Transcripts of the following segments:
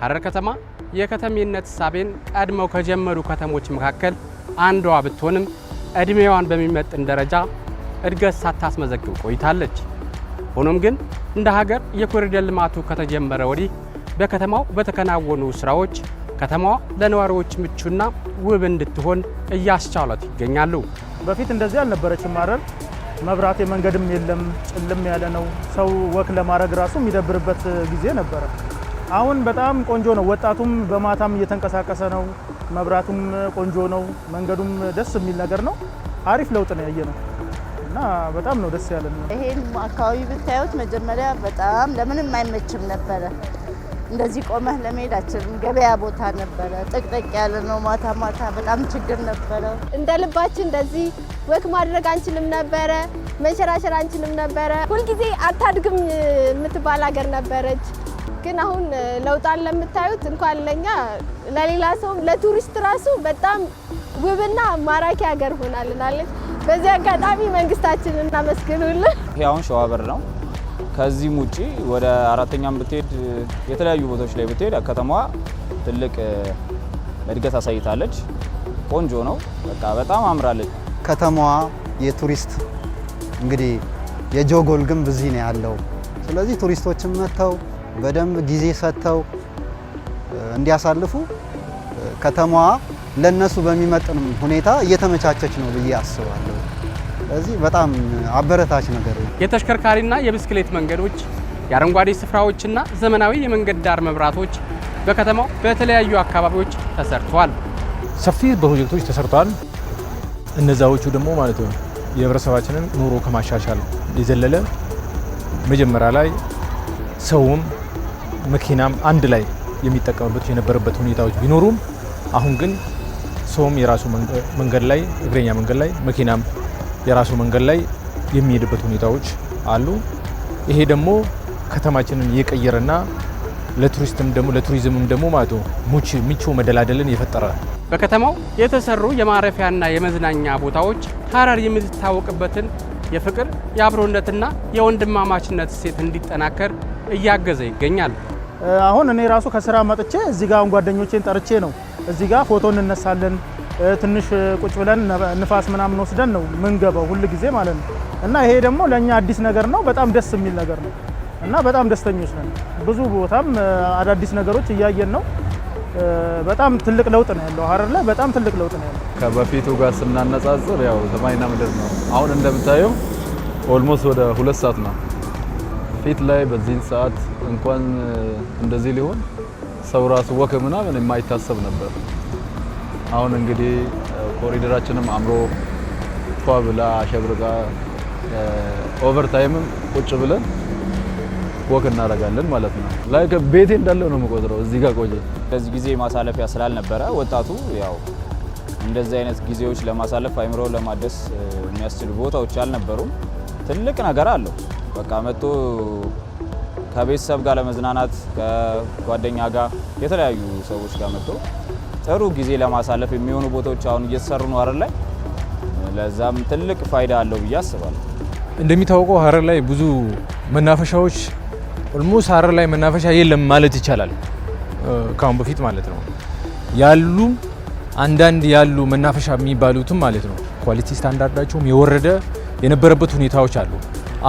ሐረር ከተማ የከተሜነት ሳቤን ቀድመው ከጀመሩ ከተሞች መካከል አንዷ ብትሆንም ዕድሜዋን በሚመጥን ደረጃ እድገት ሳታስመዘግብ ቆይታለች። ሆኖም ግን እንደ ሀገር የኮሪደር ልማቱ ከተጀመረ ወዲህ በከተማው በተከናወኑ ስራዎች ከተማዋ ለነዋሪዎች ምቹና ውብ እንድትሆን እያስቻሏት ይገኛሉ። በፊት እንደዚህ አልነበረችም ሐረር። መብራት የመንገድም የለም፣ ጭልም ያለ ነው። ሰው ወክ ለማድረግ ራሱ የሚደብርበት ጊዜ ነበረ። አሁን በጣም ቆንጆ ነው። ወጣቱም በማታም እየተንቀሳቀሰ ነው። መብራቱም ቆንጆ ነው። መንገዱም ደስ የሚል ነገር ነው። አሪፍ ለውጥ ነው ያየ ነው እና በጣም ነው ደስ ያለን። ይሄን አካባቢ ብታዩት መጀመሪያ በጣም ለምንም አይመችም ነበረ። እንደዚህ ቆመህ ለመሄድ አችልም። ገበያ ቦታ ነበረ፣ ጥቅጥቅ ያለ ነው። ማታ ማታ በጣም ችግር ነበረ። እንደ ልባችን እንደዚህ ወክ ማድረግ አንችልም ነበረ፣ መንሸራሸር አንችልም ነበረ። ሁልጊዜ አታድግም የምትባል ሀገር ነበረች። ግን አሁን ለውጣን ለምታዩት እንኳን ለኛ ለሌላ ሰውም ለቱሪስት ራሱ በጣም ውብና ማራኪ ሀገር ሆናልናለች። በዚህ አጋጣሚ መንግስታችን እናመስግኑልን። አሁን ሸዋበር ነው። ከዚህም ውጪ ወደ አራተኛም ብትሄድ የተለያዩ ቦታዎች ላይ ብትሄድ ከተማዋ ትልቅ እድገት አሳይታለች። ቆንጆ ነው፣ በቃ በጣም አምራለች ከተማዋ። የቱሪስት እንግዲህ የጆጎል ግንብ እዚህ ነው ያለው። ስለዚህ ቱሪስቶችም መጥተው በደንብ ጊዜ ሰጥተው እንዲያሳልፉ ከተማዋ ለነሱ በሚመጥን ሁኔታ እየተመቻቸች ነው ብዬ አስባለሁ። ስለዚህ በጣም አበረታች ነገር ነው። የተሽከርካሪና የብስክሌት መንገዶች፣ የአረንጓዴ ስፍራዎችና ዘመናዊ የመንገድ ዳር መብራቶች በከተማው በተለያዩ አካባቢዎች ተሰርተዋል። ሰፊ ፕሮጀክቶች ተሰርተዋል። እነዛዎቹ ደግሞ ማለት ነው የህብረተሰባችንን ኑሮ ከማሻሻል የዘለለ መጀመሪያ ላይ ሰውም መኪናም አንድ ላይ የሚጠቀምበት የነበረበት ሁኔታዎች ቢኖሩም አሁን ግን ሰውም የራሱ መንገድ ላይ እግረኛ መንገድ ላይ መኪናም የራሱ መንገድ ላይ የሚሄድበት ሁኔታዎች አሉ። ይሄ ደግሞ ከተማችንን የቀየረና ለቱሪስትም ደግሞ ለቱሪዝምም ደግሞ ማለት ምቹ መደላደልን የፈጠረ በከተማው የተሰሩ የማረፊያና የመዝናኛ ቦታዎች ሀረር የምትታወቅበትን የፍቅር የአብሮነትና የወንድማማችነት እሴት እንዲጠናከር እያገዘ ይገኛል። አሁን እኔ ራሱ ከስራ መጥቼ እዚህ ጋር አሁን ጓደኞቼን ጠርቼ ነው እዚህ ጋር ፎቶ እንነሳለን ትንሽ ቁጭ ብለን ንፋስ ምናምን ወስደን ነው ምንገባው ሁል ጊዜ ማለት ነው። እና ይሄ ደግሞ ለእኛ አዲስ ነገር ነው፣ በጣም ደስ የሚል ነገር ነው እና በጣም ደስተኞች ነን። ብዙ ቦታም አዳዲስ ነገሮች እያየን ነው። በጣም ትልቅ ለውጥ ነው ያለው ሀረር ላይ በጣም ትልቅ ለውጥ ነው ያለው። ከበፊቱ ጋር ስናነጻጽር ያው ሰማይና ምድር ነው። አሁን እንደምታየው ኦልሞስት ወደ ሁለት ሰዓት ነው ፊት ላይ በዚህን ሰዓት እንኳን እንደዚህ ሊሆን ሰው ራሱ ወክ ምናምን የማይታሰብ ነበር። አሁን እንግዲህ ኮሪደራችንም አምሮ ኳ ብላ አሸብርቃ ኦቨርታይምም ቁጭ ብለን ወክ እናደርጋለን ማለት ነው። ላይክ ቤቴ እንዳለው ነው የምቆጥረው። እዚህ ጋር ቆየ ለዚህ ጊዜ ማሳለፊያ ስላልነበረ ወጣቱ ያው እንደዚህ አይነት ጊዜዎች ለማሳለፍ አይምሮ ለማደስ የሚያስችሉ ቦታዎች አልነበሩም። ትልቅ ነገር አለው። በቃ መጥቶ ከቤተሰብ ጋር ለመዝናናት ከጓደኛ ጋር የተለያዩ ሰዎች ጋር መጥቶ ጥሩ ጊዜ ለማሳለፍ የሚሆኑ ቦታዎች አሁን እየተሰሩ ነው ሀረር ላይ። ለዛም ትልቅ ፋይዳ አለው ብዬ አስባለሁ። እንደሚታወቀው ሀረር ላይ ብዙ መናፈሻዎች ኦልሞስት ሀረር ላይ መናፈሻ የለም ማለት ይቻላል። ከአሁን በፊት ማለት ነው ያሉ አንዳንድ ያሉ መናፈሻ የሚባሉትም ማለት ነው ኳሊቲ ስታንዳርዳቸውም የወረደ የነበረበት ሁኔታዎች አሉ።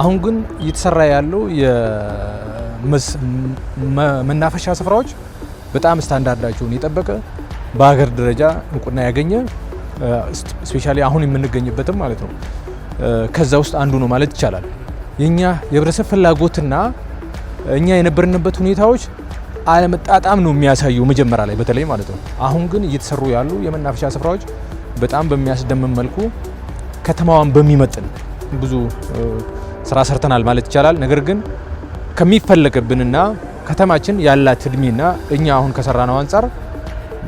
አሁን ግን እየተሰራ ያለው የመናፈሻ ስፍራዎች በጣም ስታንዳርዳቸውን የጠበቀ በሀገር ደረጃ እውቅና ያገኘ ስፔሻሊ አሁን የምንገኝበትም ማለት ነው ከዛ ውስጥ አንዱ ነው ማለት ይቻላል። የኛ የህብረተሰብ ፍላጎትና እኛ የነበርንበት ሁኔታዎች አለመጣጣም ነው የሚያሳዩ መጀመሪያ ላይ በተለይ ማለት ነው። አሁን ግን እየተሰሩ ያሉ የመናፈሻ ስፍራዎች በጣም በሚያስደምም መልኩ ከተማዋን በሚመጥን ብዙ ስራ ሰርተናል ማለት ይቻላል። ነገር ግን ከሚፈለገብንና ከተማችን ያላት እድሜና እኛ አሁን ከሰራነው አንጻር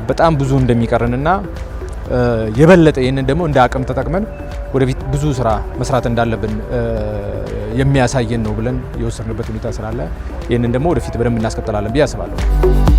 በጣም ብዙ እንደሚቀርንና የበለጠ ይህንን ደግሞ እንደ አቅም ተጠቅመን ወደፊት ብዙ ስራ መስራት እንዳለብን የሚያሳየን ነው ብለን የወሰድንበት ሁኔታ ስላለ ይህንን ደግሞ ወደፊት በደንብ እናስቀጥላለን ብዬ አስባለሁ።